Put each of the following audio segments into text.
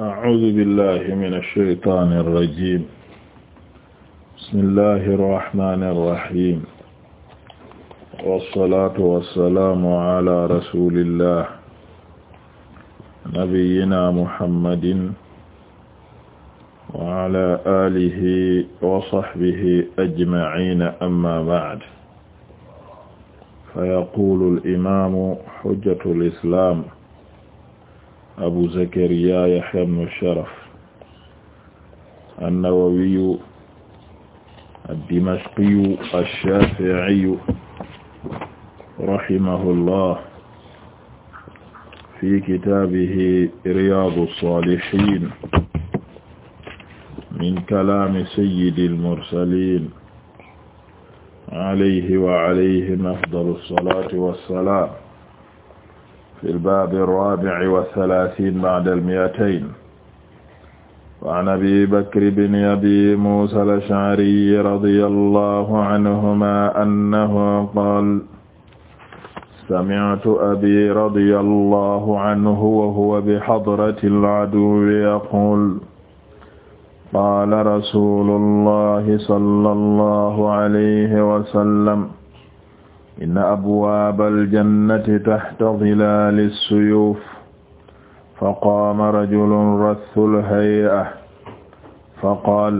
أعوذ بالله من الشيطان الرجيم بسم الله الرحمن الرحيم والصلاة والسلام على رسول الله نبينا محمد وعلى آله وصحبه أجمعين أما بعد فيقول الإمام حجة الإسلام abu zakariya yahya ibnu sharaf annawawiyu addimashqiyu alshafiiyu rahimahullah fi kitaabihi riyaadu saalihiin min kalaami sayyidil mursaliin alayhi wa alayhim afdalu salaatu wa salaam fil baabi raabi'i wa salaasiina ba'dal mi'atayn wa 'an Abii Bakr bni Abii Muusaa al-Ash'arii radiyallaahu 'anhumaa annahu qaala sami'tu abii radiyallaahu 'anhu wa huwa bihadratil 'aduwwi yaquulu qaala rasuulullaahi sallallaahu 'alayhi wa sallam inna abwaaba aljannati taxta dilaali ssuyuuf faqaama rajulun rathul hay'a faqaal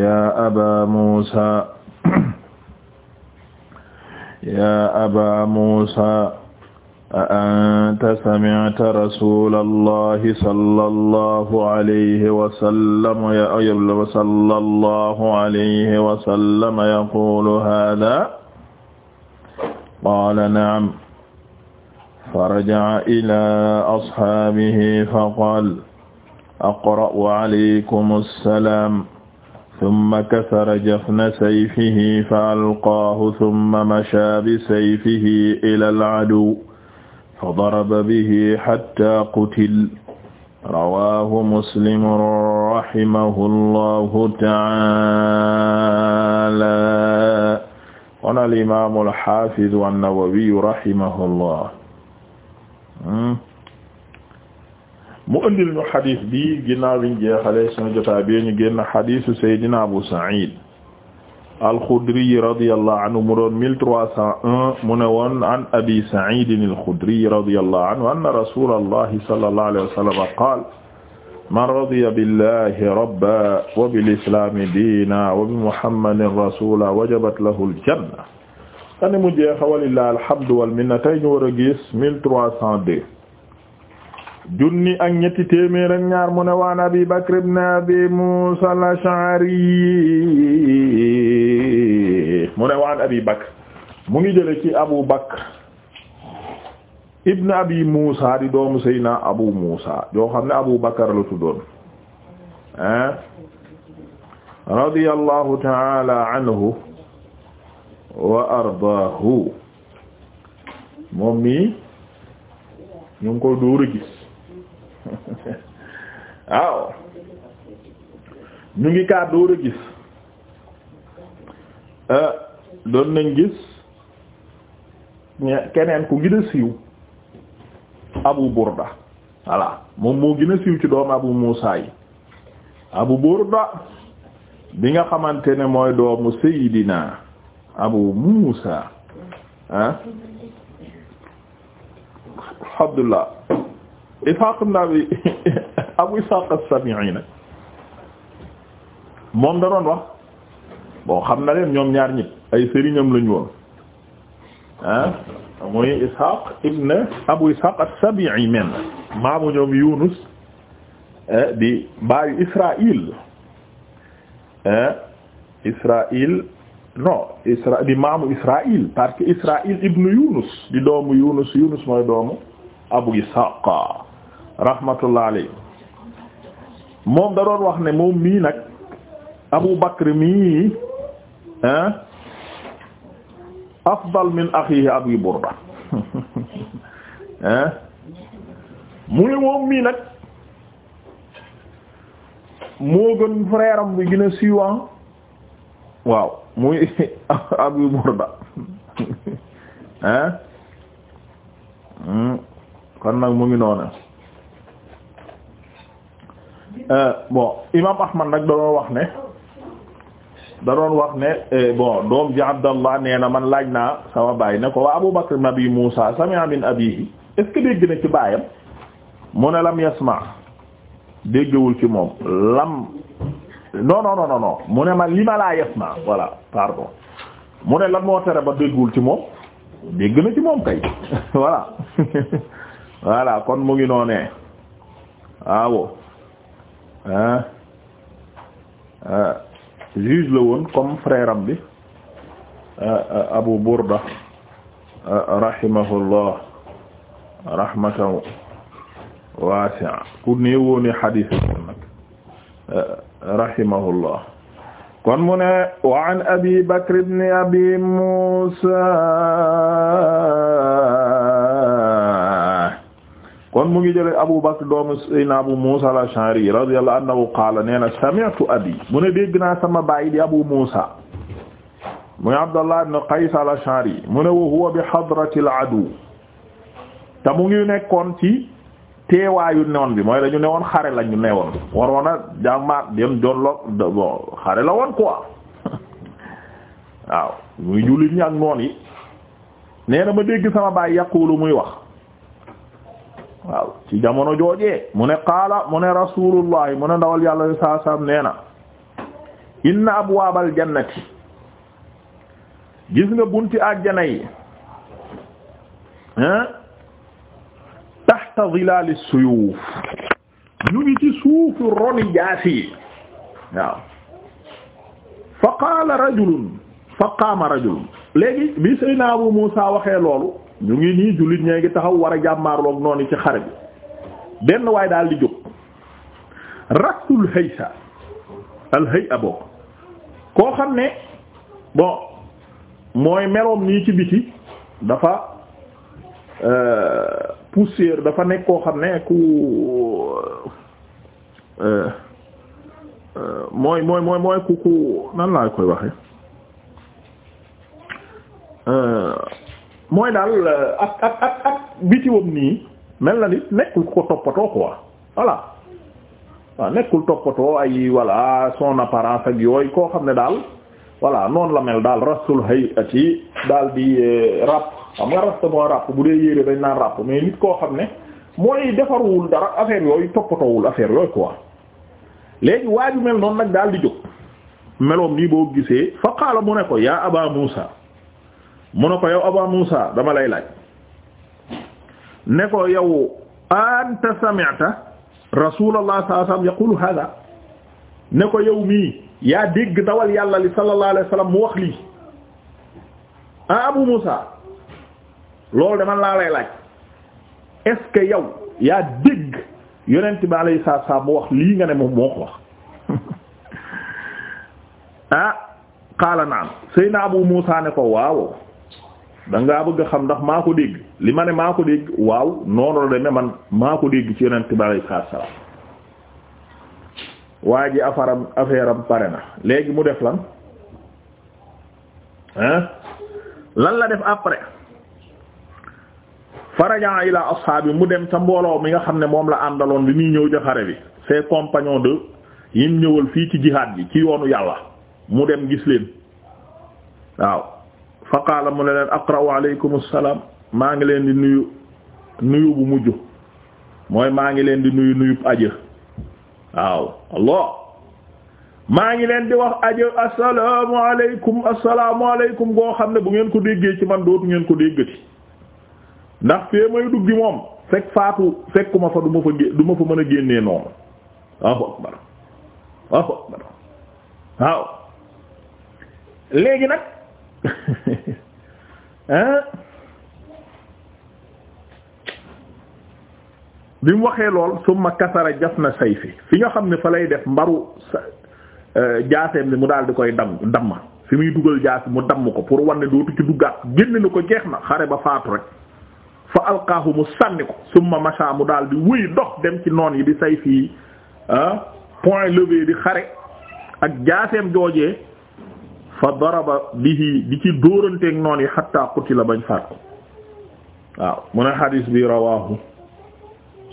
yaa abaa muusaa yaa abaa muusaa a anta samicta rasuula allahi sallallahu alayhi wa sallam wa sallallahu alayhi wa sallam yaquulu haadaa qaala naam fa rajaca ilaa asxaabihi fa qaal aqra'u alaykum assalaam tumma kasara jafna sayfihi fa alqaahu tumma mashaa bisayfihi ilal caduw fa daraba bihi xattaa qutil rawaahu muslim rahimahu allahu tacaala kon al imaamu al xaafiz an-Nawawi rahimahullah mu ëndil ñu xadis bi ginnaaw biñ jeexalee suñu jotaay bi ñu génn xadisu Seydina Abu Saïd al-Khudri radiyallahu anhu mu doon 1301 mu ne woon an Abi Saïd al-Khudri radiyallahu anhu anna rasulallahi sallallahu alayhi wa sallam qaala man radiya billahi rabba wa bil islami diina wa bi muhammadin rasula wajabat lahu aljanna tane mu jeexa walillahi alhamdu wal minna tey ñu war a gis mille trois cent deux junni ak ñetti téeméer ak ñaar mu ne waan abi bakr ibn abi musa al-ash'ari mu ne waan abi bakr mu ngi jële ci abu bakr ibn abi Muusa di doomu Seydina Abu Muusa yoo xam ne Abu Bakar la tuddoon ah ta'ala anhu wa ardaahu moom mi ñu ngi koy dóor a gis waaw ñu kaa dóor a gis eh, doon nañ gis keneen ku gën a siiw abu burda voilà moom moo gën a siiw ci doom abu muusa abu burda bi nga xamante ne mooy doomu seydina abu muusa ah abdullah ishaq ibn abi abu ishaq as-sabi'i nag moom da doon wax bon xam na leen ñoom ñaar ñit ay sëriñam lañu woon ah? muy Ishaq ibn Abu Ishaq as-Sabi'i men maamu ñoom Yunus eh, di baayu Israil eh, Israil non Isra di maamu Israil parce que Israil ibn Yunus di doomu Yunus Yunus mooy doomu Abu Ishaq rahmatullah alayhi moom da doon wax ne moom mii nag Abu Bakr mii eh, afdal min akhihi Abi Burda ah mu ne moom mii nag moo gën frère bi gën a suivant ah. waaw muy Abu Burda ah kon nag mu ngi noonu euh, bon imaam Ahmad nag doon wax ne. da doon wax ne eh, bon doom ji Abdallah nee na man laaj naa sama baay ne ko waa Abu Bakr nabi Musa sami'a min abihi est-ce dégg na ci baayam mu ne lam yasma déggewul ci moom lam non non non non mu ne ma li ma laa yasma voilà pardon mu ne lan moo tere ba déggul ci moom dégg na ci moom kay voilà voilà kon mu ngi noonee waaw ah. juge la woon comme frère am bi euh, euh, Abu Burda euh, rahimahullah rahmatan wasi'a ku néewooni hadith nag rahimahullah kon mu ne wa an Abi Bakr ibn Abi Musa kon mu ngi jële Abu Bakr doomu Seydina Abu Musa al-Ash'ari radiyallahu anhu qaala nee na sami'tu abi mu ne dégg naa sama baay di Abu Musa muy Abdallah ibn Qays al-Ash'ari mu ne wa huwa bi hadrati al te mu ngi nekkoon ci teewaayu noon bi mooy ne woon xare lañu newoon waroon a jàmmaat dem doon lo bon xare la woon quoi waaw muy jullit ñi noon yi nee na ma dégg sama baay yaqulu muy wax. waaw ci jamono jooje mu ne qaala mu ne rasulullahi mu ne ndawal yàlla li saa saam nee na inna abwaabal jannati gis nga bunti àjjana yi hein tahta zilaali suyuuf ñu ngi ci roni jaasi yi waaw fa qaala rajulun léegi bi Seydina Abu Muusa waxee loolu ñu ngi nii jullit ñee ngi taxaw war a jàmmaarloog noonu ci xare bi benn waaye daal di jóg rasul haysa al hay'a bokk koo xam ne bon mooy meloom nii ci biti dafa euh, poussière dafa nekk koo xam ne ku euh, euh, mooy mooy mooy mooy ku ku nan laa koy waxe mooy daal euh, ak ak ak ak nii mel na ni nekkul ko toppatoo quoi voilà waaw nekkul toppatoo ay voilà son apparence ak yooyu koo xam ne daal voilà noonu la mel daal rasul hayati daal di euh, ràpp xam nga rasta moo ràpp bu dee yére dañ naan ràpp mais nit koo xam ne mooy defarwul dara affaire yooyu toppatoowul affaire yooyu quoi léegi waaju mel noonu nag daal di jóg meloom nii boo gisee fa qaala mu ne ko yaa aba Muusa mu ne ko yow Aba Muusa dama lay laaj ne ko yow anta sami'ta rasulullah sallallahu alayhi wasallam yaqulu ne ko yow mii yaa dégg dawal yàlla li sallallahu alayhi mu wax lii ah Abu Muusa loolu de laa lay laaj est-ce yow yaa dégg yonent bi alayhi mu wax lii nga ne moom moo ko wax ah qaala na'am Seydina Abu Muusa ne ko waaw da ngaa bëgg a xam ndax maa ko dégg li ma ne maa ko dégg waaw noonu la demee man maa ko dégg ci yonent bi alayhi salaam waa ji afaram affaire am pare na léegi mu def lan hein lan la def après faraja ila ashaabi mu dem ca mbooloo mi nga xam ne moom la àndaloon bi muy ñëw ca xare bi ses compagnons yi yim ñëwal fii ci jihaad bi ci yoonu yàlla mu dem gis leen waaw fa qaala mu ne leen aqra'u alaykum assalaam maa ngi leen di nuyu nuyu bu mujj mooy maa ngi leen di nuyu nuyu aja waaw Allah maa ngi leen di wax aja assalaamu alaykum assalaamu alaykum goo xam ne bu ngeen ko déggee ci man dootu ngeen ko déggati ndax fee may duggi moom fekk faatu fekkuma fa du ma fa du ma fa mën a génnee noonu waaw akbar waaw waaw léegi nag bi mu waxee lool summa kasara jaf na say fi nga xam ne fa lay def mbaru euh, jaaseem ni mu daal di koy dam damm fi muy dugal jaas mu damm ko pour wanne dootu ci duggaat génn na ko jeex na xare ba faatu rek fa alqaahu mu sànni ko summa macha mu daal di wuy dox dem ci noon yi di sayfi ah point levé di xare ak jaaseem joojee fa daraba bihi di ci dóoranteeg noon yi hatta qutila bañ faat waaw mu ne xadis bi rawahu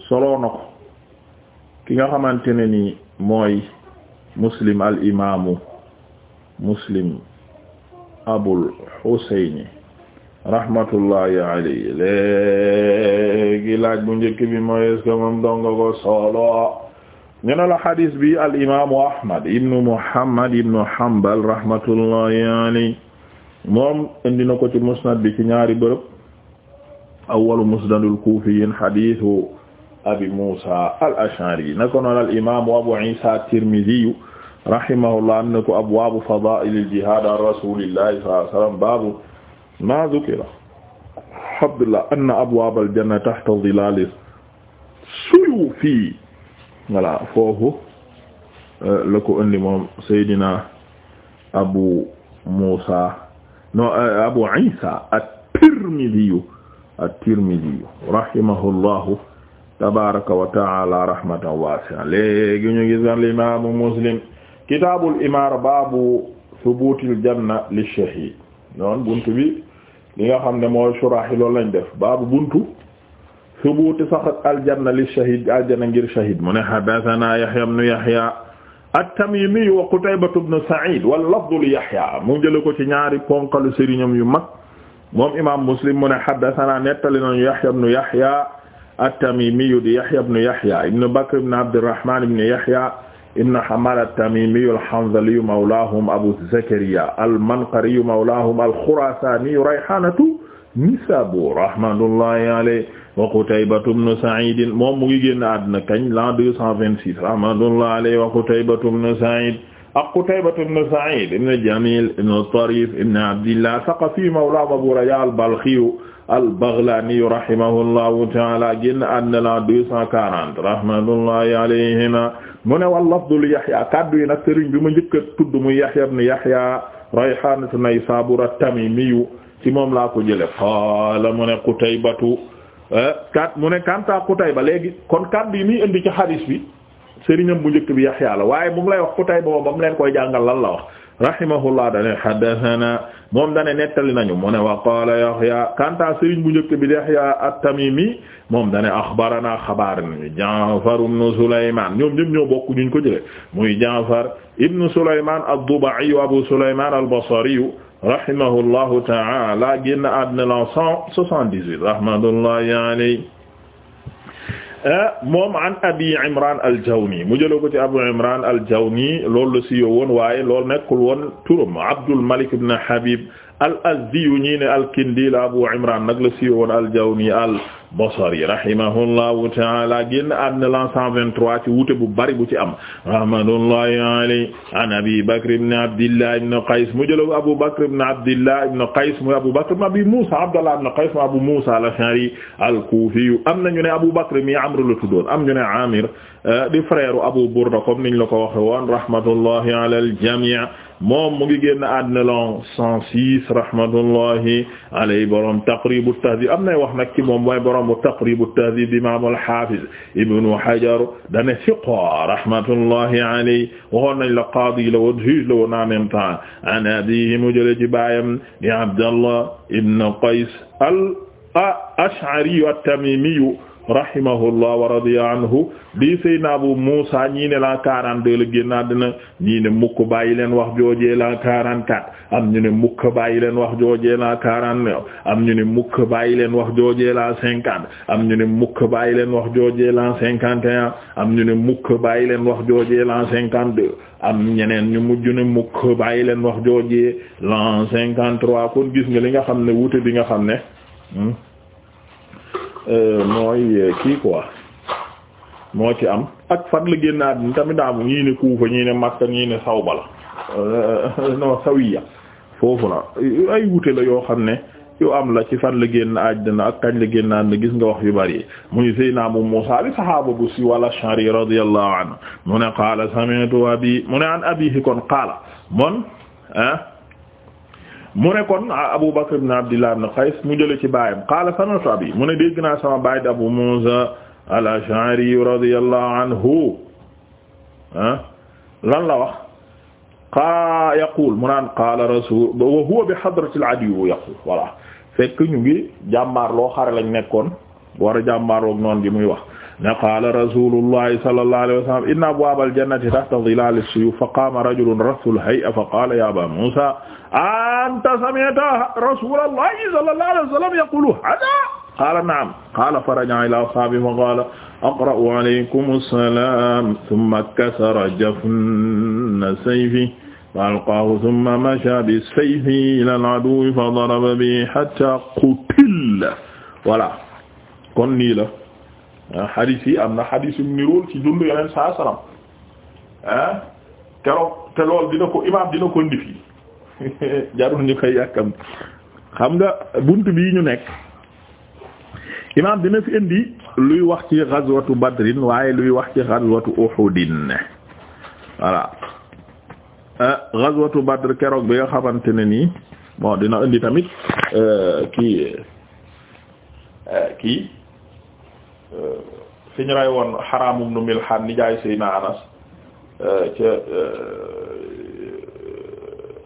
soloo na ko ki nga xamante ne ni mooy muslim al imaamu muslim abul xuseyni rahmatullahi alayhi léegi laaj bu njëkk bi mooy est-ce que moom ko solo ñu ne la xadis bi al imaamu Ahmad ibnu Muhammad ibnu Hanbal rahmatullahi alayhi moom indi na ko ci musnad bi ci ñaari bërëb awwalu musnadul kuufiyyiin xadiisu abi Muusaa al Ash'ari na ko noon al imaamu Abu Iisaa Tirmiziyu rahimahullah am na ko abwaabu fadaa'ilil jihaad an rasuulillahi sallallahu alayhi wa sallam baabu maa dhukira Abdullah anna abwaabal janna tahta zilaali suyuufi voilà foofu euh, la ko indi moom Seydina Abu Musa euh, Abu Isa at-Tirmidhi at-Tirmidhi rahimahullahu tabaraka wa taala rahmatan wasi'a léegi ñu gis gan l'imaamu Muslim kitaabul imaara baabu thubuutil janna lish-shahiid noon buntu bi li nga xam ne mooy suraax yi loolu def baabu buntu subuuti saxat aljanna li shahid aljanna ngir shahid mu ne haddathana Yahya ibn Yahya at-Tamimi wa Qutaybatu ibn Sa'id wal lafdu li Yahya mu jële ko ci ñaari ponkalu sëriñam yu mag moom imaam Muslim mu ne haddathana nettali nañu Yahya ibn Yahya at-Tamimi di Yahya ibn Yahya ibn Bakr ibn Abdurrahman ibn Yahya ibn Hammaad at-Tamimi al-Hanzali mawlaahum Abu Zakariya al-Manqari mawlaahum al-Khurasani rayhaanatu Nisaabu rahmatullahi alayhi wa Qutaybatu bnu Sa'iid moom mu ngi génn àdduna kañ l'an deux cent vingt-six rahmatullahi alayhi wa Qutaybatu bnu Sa'iid ak Qutaybatu bnu Sa'iid ibn Jamiil ibn Tariif ibn Abdillah Saqafi mawla Abu Rajaa al-Balkhi al-Baghlaani rahimahullahu ta'aala génn àdduna l'an deux cent quarante rahmatullahi alayhimaa mu ne wal lafdu li Yahyaa kaddu yi nag sëriñ bi ma njëkk a tudd muy Yahyaa ibn Yahyaa Rayhaan an-Naysaabuuri at-Tamiimiyu ci moom laa ko jële qaala mu ne Qutaybatu eh, kat mu ne kanta Qutayba léegi kon kàddu yi muy indi ci hadis bi sëriñam bu njëkk bi Yaxya la waaye mu lay wax Qutayba moom ba mu leen koy jàngal lan la wax rahimahullah dane hadathana moom dane nettali nañu mu ne wa qaala Yaxya sëriñ bu njëkk bi Yaxya at-Tamimi moom dane axbarana xabaar ni Ja'far ibn Sulaymaan ñoom ñëpp ñoo bokk ñu ko jële muy Ja'far ibn Sulaymaan ad-Duba'i Abu Sulaymaan rahimahullahu ta'ala génn àddina la 178 rahmatullahi alayhi eh, moom an abi imran al-Jawni mu jëloo ko ci abu imran al-Jawni loolu la si yow woon waaye loolu nekkul woon turam Abdul Malik ibn Habib al-Azdi ñii ne al-Kindi la abu imran nag la si yow woon al-Jawni al Basri rahimahullahu ta'ala génn àddina l'an 123 ci wuute bu bari bu ci am rahmatullahi alayhi an Abi Bakr ibn Abdillah ibn Qays mu jël Abu Bakr ibn Abdillah ibn Qays mu Abu Bakr ibn Abi Musa Abdullah ibn Qays mu Abu Musa al-Ash'ari al-Kufi am nañu ne Abu Bakr mi Amr la tuddoon am ñu ne Amir euh, di frère Abu Burda comme niñ la ko waxe woon rahmatullahi ala al-jami' moom mu ngi génn àddina l'an cent six rahmatullahi alayhi borom Taqrib at-Tahdhib am nay wax nag ci moom mooy borom Taqrib at-Tahdhib imam al-Hafiz Ibn Hajar dane siqa rahmatullahi alayhi waxoon nañ la qaadi la woon juge la woon en même temps an abihi mu jële ci baayam di Abdallah ibn Qays al-Ash'ari at-Tamimi rahimahullah wa radiya anhu di Seydina Abu Muusa ñii ne la 42 la génn àddina ñii ne mukk bàyyi leen wax joojee la 44 am ñu ne mukk bàyyi leen wax joojee la 49 am ñu ne mukk bàyyi leen wax joojee la cinquante am ñu ne mukk bàyyi leen wax joojee la 51 am ñu ne mukk bàyyi leen wax joojee la 52 am ñeneen ñu mujj ne mukk bàyyi leen wax joojee la 53 kon gis nga li nga xam ne wuute bi nga xam ne hmm? Euh, mooy euh, kii quoi moo ci am ak fan la génn àddina tamit daa am ñii ne Kuufa ñii ne Makka ñii ne Sawba la euh, non Sawiya foofu la ay wute la yoo xam ne yu am la ci fan la génn àddina ak kañ la génn àddina gis nga wax yu bari muy Seydina Abu Muusaa bi sahaaba bu wala Ash'ari radiyallahu anhu mu ne qaala sami'tu abi mu ne an abihi kon qaala mon mu nekkoon kon Abu Bakr ibn Abdillah ibn Qays mu jële ci baayam qaala sami'tu abi mu ne dégg naa sama baay di Abu Muusa al-Ash'ari radiyallahu anhu ah, lan la wax qaa yaqul mu naan qaala rasul wa huwa bi hadrati al-'adwi yaqul voilà fekk ñu ngi jàmmaar loo xare lañ nekkoon war a jàmmaarloog noonu gi muy wax ne qaala rasulullahi sallallahu alayhi wa sallam inna abwaaba aljannati tahta zilaali suyuuf fa qaama rajulun rathul hay'a fa qaala ya aba muusa anta sami'ta rasulallahi sallallahu alayhi wa sallam yaqulu hadaa qaala na'am qaala faraja'a ilaa ashaabihi fa qaala aqra'u alaykum assalaam thumma kasara jafna sayfihi fa alqaahu thumma mashaa bisayfi ilal aduwwi fa daraba bihi hattaa qutila voilà kon nii la xadiis ah, yi am na xadiis yu nirool ci dund yeneen saa salaam keroog te lool dina ko imaam dina ko indi fii jarul koy yàkkam xam nga bunt bi ñu nekk imaam dina fi indi luy wax ci ghazwatu badrin waaye luy wax ci ghazwatu uhudin voilà ah, ghazwatu badr keroog bi nga xamante ne nii bon dina indi tamit euh, kii euh, kii fi ñu woon Haraam ibn Milhaan nijaay Seydina Anas euh, ca euh,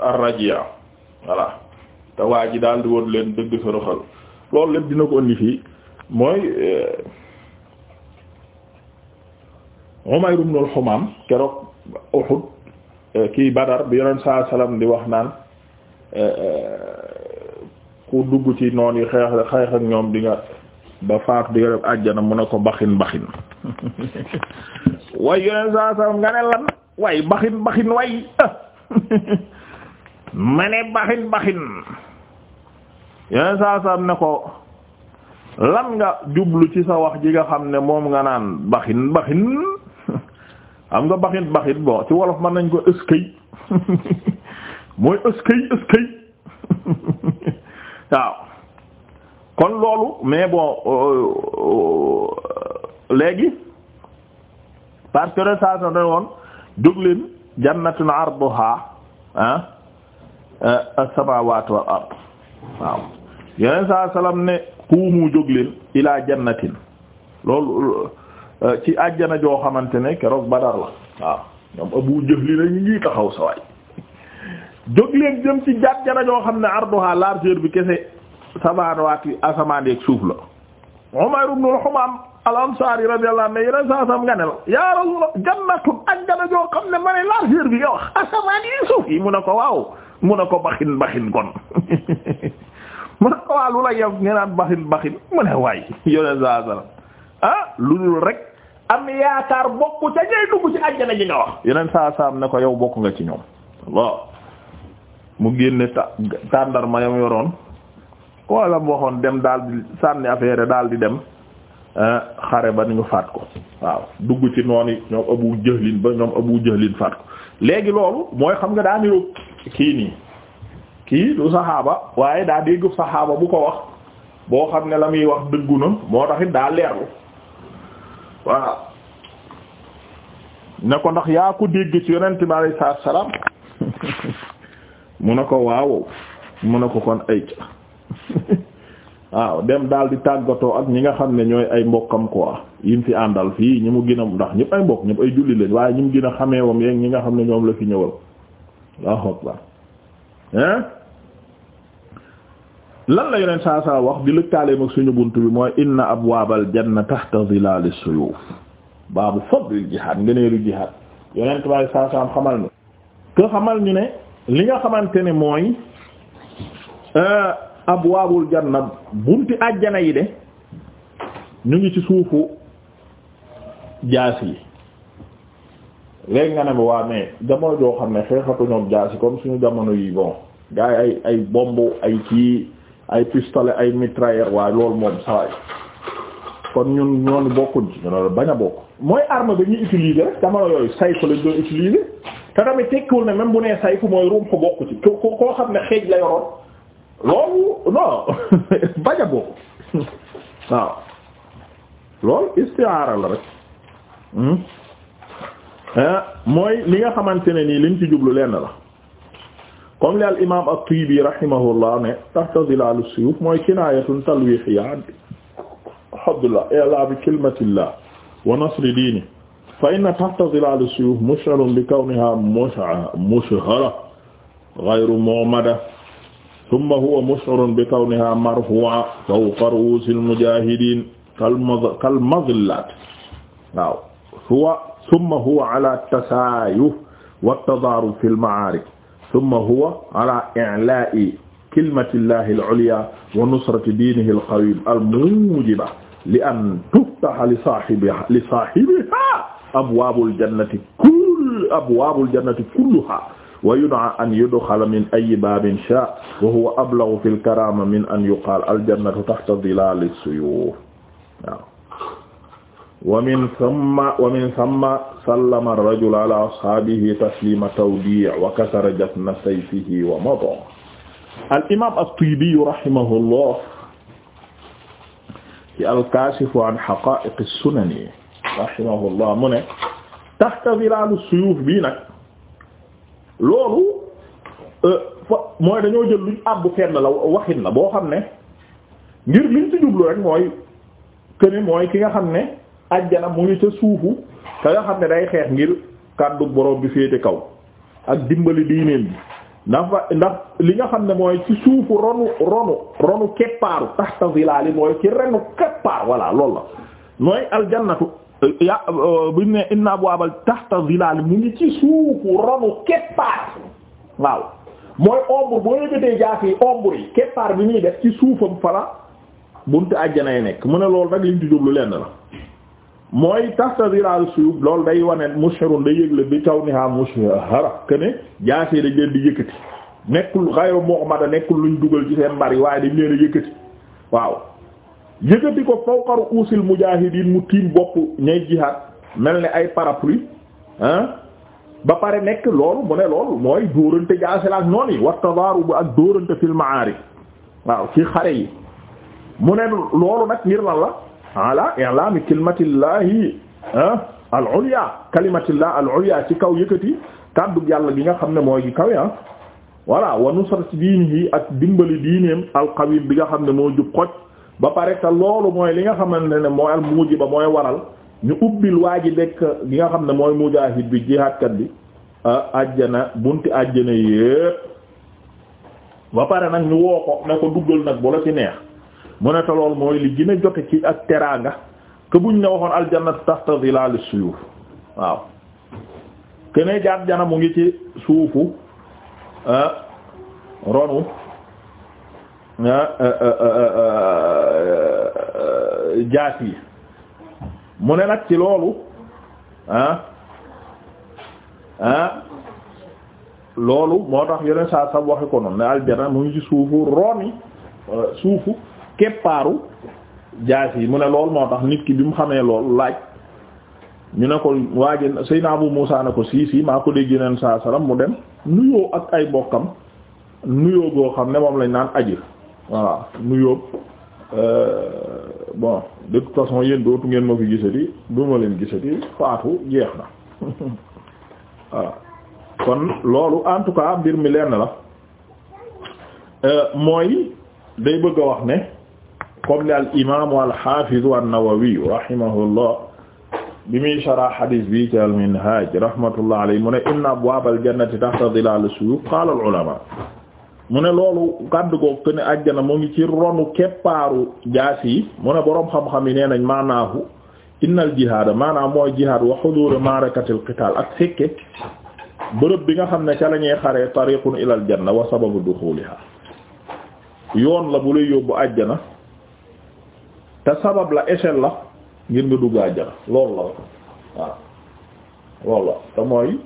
Ar-Rajiya te waa ji daal di woon leen dëgg soroxal loolu lépp dina ko indi fii mooy euh, Umayr ibn keroog Uhud kii Badar bi Yonent saa salaam di wax naan ku dugg ci noon yi xeex ak ñoom di ba faatu di yoreb àjjana mu ne ko baxin baxin way yoneen saa salam nga ne lan way baxin baxin way ma ne baxin baxin yoneen saa salam ne ko lan nga jublu ci sa wax ji nga xam ne moom nga naan baxin baxin am nga baxin baxin bon ci wolof mën nañ ko ëskëy mooy ëskëy ëskëy waaw kon loolu mais bon euh, euh, léegi parce que restation woon jóg leen jannatun arduha ah as-samawati wal ard saa salaam ne quumu jóg leen ilaa loolu ci àjjana joo xamante ne keroog Badar la waaw ñoom Abu Jahli la ñu ngi taxaw sa waay jóg leen jëm ci jàjjana joo xam ne arduha largeur bi kese sabaanwaati asamaan yeeg suuf la Umayr ibn al al-Ansari radiyallahu anhu yeneen saa sam nga ne la ya Rasulullah jannatun ajjana joo xam ne ma ne largeur bi nga wax asamaan yeeg suuf yi mu ne ko waaw mu ne ko baxin baxin kon mu ne ko waaw lu la yow ngeen waay yeneen saa ah lu dul rek am yaakaar bokk ca ñooy dugg ci ajjana ji nga wax yeneen saa sam ne ko yow bokk nga ci ñoom mu génne ta yam yoroon. koo la mu waxoon dem daal di sànni affaire daal di dem eh, xare ba ni ñu faat ko waaw dugg ci noonu ñoom Abu Jahlin ba ñoom Abu Jahlin faat ko léegi loolu mooy xam nga daa niru kii nii kii du saxaaba waaye daa dégg saxaaba bu ko wax boo xam ne la muy wax dëggu na moo taxit daa leerlu waaw ne ko ndax yaa ko dégg ci yonent bi alayhi salaam mu ne ko waaw mu ne ko kon ay waaw dem daal di tàggatoo ak ñi nga xam ne ñooy ay mbokkam quoi yi mu fi àndal fii ñi mu gën a ndax ñëpp ay mbokk ñëpp ay julli lañ waaye ñi mu gën a xamee wam yeeg ñi nga xam ne ñoom la fi ñëwal Allahu akbar hein lan la yeneen saa saa wax di lëkkaaleem ak suñu bunt bi mooy inna abwaabal janna tahta zilaali suyuf baabu fadlil jihaad ngëneelu jihaad yeneen tubaab saa saa xamal ne. te xamal ñu ne li nga xamante ne mooy. Euh, waawul abwaabul janna bunti àjjana yi de ñu ngi ci suufu jaas yi léegi nga ne ma waa mais jamono joo xam ne xeexatuñoom jaas yi comme suñu jamono yi bon gars yi ay ay bomb ay kii ay pistolet ay mitrailleur waaye loolu moom sawaay kon ñun ñoonu bokkuñ ci ñun bañ a bokk mooy arme bi ñuy utiliser rek jamono yooyu sayfu lañ doon utiliser te tamit tekkiwul ne même bu nee sayfu mooy ruum ko bokk ci ko koo xam ne xeej la yoroon loolu non bañ a bokk waaw loolu istiaara la rek hmm? eh, mooy li nga xamante ne nii liñ ci jublu lenn la comme li al imam at-Tibi rahimahullah ne tahta zilalu suyuf mooy kinayatun talwihiyya alhamdulillah ila bi kalimatillah wa nasri diini fa inna tahta zilalu suyuf mush'arun bi kawniha mush'ara ghayru mu'mada summa huwa mush'irun bi kawniha marfu'a fawqa ru'usil mujaahidiin kal madlaat waaw huwa summa huwa ala tasaayuh wa tadaarub fil ma'aarik summa huwa ala i'laa'i kalimatillahi al-'ulyaa wa nusrati diinihi al-qawiim al-muujiba li an tuftaha li saahibihaa li saahibihaa abwaabul jannati kull abwaabul jannati kulluhaa wa yud'a an yudxala min ayyi baabin shaa wa huwa ablaghu fil karaama min an yuqaal aljannatu tahta dilaali suyuuf waaw wa min thumma wa min thumma sallama ar-rajulu ala ashaabihi tasliima tawdii' wa kasara jatna sayfihi wa madaa al-imaam at-Tiibi rahimahullah ci al-Kaashif an haqaa'iq as-sunan rahimahullah mu ne tahta dilaalu suyuuf bi nag loolu euh, mooy dañoo jël luñ àbbu fenn la waxin la boo xam ne ngir liñ ci jublu rek mooy këne mooy ki nga xam ne ajjana mu ngi ca suufu ka nga xam ne day xeex ngir kàddu borom bi féete kaw ak dimbali diineen bi ndax fa ndax li nga xam ne mooy ci suufu ronu ronu ronu keppaaru taxta mooy ci renu keppaar voilà loolu la mooy aljannatu ya euh, buñ ne inna abwaabal tahta zilaal mu ngi ci suufu ronu keppaar waaw mooy ombre boo yëgatee jaasi yi ombre yi keppaar bi muy def ci suufam fala buntu àjjanay nekk mu na lool nag liñ ci jublu lenn la mooy tahta zilaal suyub loolu day wane musharun day yëgle bi kawniha mushhara ne jaasi yi dañ leen di yëkkati nekkul xayru muhammada nekkul luñ dugal ci seen bari waaye dañ leen a yëkkati waaw yëgati ko fawqa ru'uusil mujaahidiin mu tiim bopp ñay jihaad mel ni ay parapluie ah ba pare nekk loolu mu ne loolu mooy dóorante jaasilaak noon yi war ak dóorante fil ma'aarik waaw ci xare yi mu ne loolu nag ngir lan la ala i'laami kalimatillahi al-ulya kalimatillah al-ulya ci kaw yëkkati kàddu yàlla gi nga xam ne mooy gi kaw ah voilà wa nusrat diinihi ak dimbali diineem al bi nga xam ne moo jub ba pare te loolu mooy li nga xamante ne mooy al muuji ba mooy waral ñu ubbil waa ji dekk gi nga xam ne mooy mujaahid bi jihaadkat bi ajjana bunti ajjana yépp ba pare nag ñu woo ko ne ko duggal nag bu ci neex mu ne te mooy li gën a jot ci ak teraanga ke buñ ne waxoon aljannatu tahta zilaali suyuf waaw kene jaat jana mu ngi ci suufu ronu Euh, euh, euh, jaas yi mu ne nag ci loolu ah ah loolu moo tax yeneen saa sab waxi ko noonu ne aljana mu ngi ci suufu roomi suufu keppaaru jaas yi mu ne lool moo tax nit ki bi mu xamee lool laaj ñu ne ko waaje Seydina Abu Muusa ne ko sii sii maa ko dégg yeneen saa salaam mu dem nuyoo ak ay bokkam nuyoo goo xam ne moom lañ naan ajir waaw nuyoo euh, bon de toute façon yéen dootu ngeen ma fi gisati duma leen gisati faatu jeex na voilà kon loolu en tout cas mbir mi lenn la euh, mooy day bëgg a wax ne comme li al imaamu al xaafizu an-Nawawi rahimahullah bi muy sharah hadith bi ci al minhaj rahmatullah alayhi mu ne inna abwaab al jannati tahta dhilal as-suyuf qala al ulama mu ne loolu kàddu googu que ne àjjana mu ngi ci ronu keppaaru jaas yi mu ne boroom xam-xam yi nee nañ maanaahu innal jihaada maanaam mooy jihaad wax hudur marakatil ak fekke bërëb bi nga xam ne ca lañuy ñuy xaree tariqun ilal janna wa sababu duxuliha yoon la bu lay yóbbu àjjana te sabab la échelle la ngir nga dugg àjjana loolu la waaw loolu la te mooy.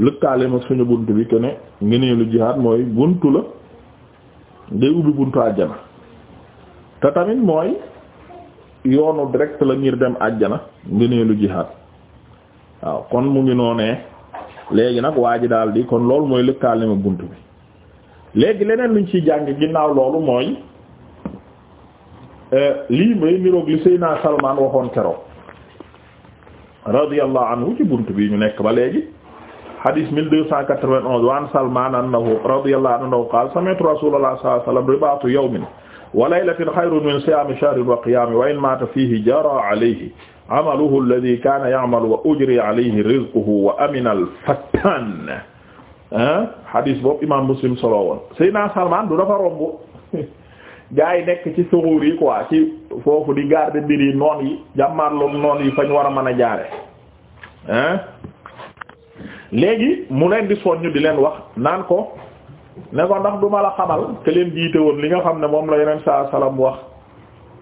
lëkkaale mag suñu bunt bi que ne ngëneelu jihaad mooy buntu la day ubbi buntu àjjana te tamit mooy yoonu direct la ngir dem àjjana lu jihaad waaw kon mu ngi noonee léegi nag waa ji daal di kon loolu mooy lëkkaale ma bunt bi léegi leneen luñ ciy jàng ginnaaw loolu mooy euh, lii may niroog li Seydina Salmaan waxoon keroog radiyallahu anhu ci bunt bi ñu nekk ba léegi hadith 1291 wa an Salman annahu radiyallahu anhu qala sami'tu rasulullah sallallahu alayhi wa sallam ribatu yawmin wa laylatin khayrun min siyami shahrin wa qiyami wa in mata fihi jara alayhi amaluhu alladhi kana ya'malu wa ujri alayhi rizquhu wa amina al-fattan hadith boobu imam Muslim solo woon Seydina Salman du dafa romb gaa yi nekk ci suruur yi quoi ci foofu di garder mbir yi noon yi jàmmaarloog noon yi fañ war a mën a jaare léegi mu leen di soññu di leen wax naan ko ne ko ndax duma la xamal te leen jiite woon li nga xam ne moom la yeneen saa salaam wax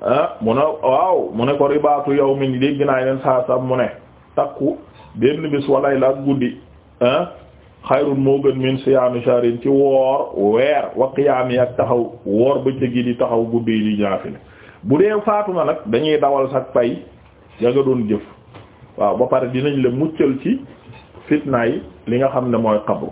ah mu ne waaw mu ne ko ribaatu yawmin dégg naa yeneen saa salaam mu ne takku benn bis walay la guddi ah xayrun moo gën min siyaami shahrin ci woor weer wa qiyaami ak taxaw woor bëccëg yi di taxaw guddi yi di naafila bu dee faatu na nag dañuy dawal sa pay ya nga doon jëf waaw ba pare dinañ la muccal ci fitna yi li nga xam ne mooy qabru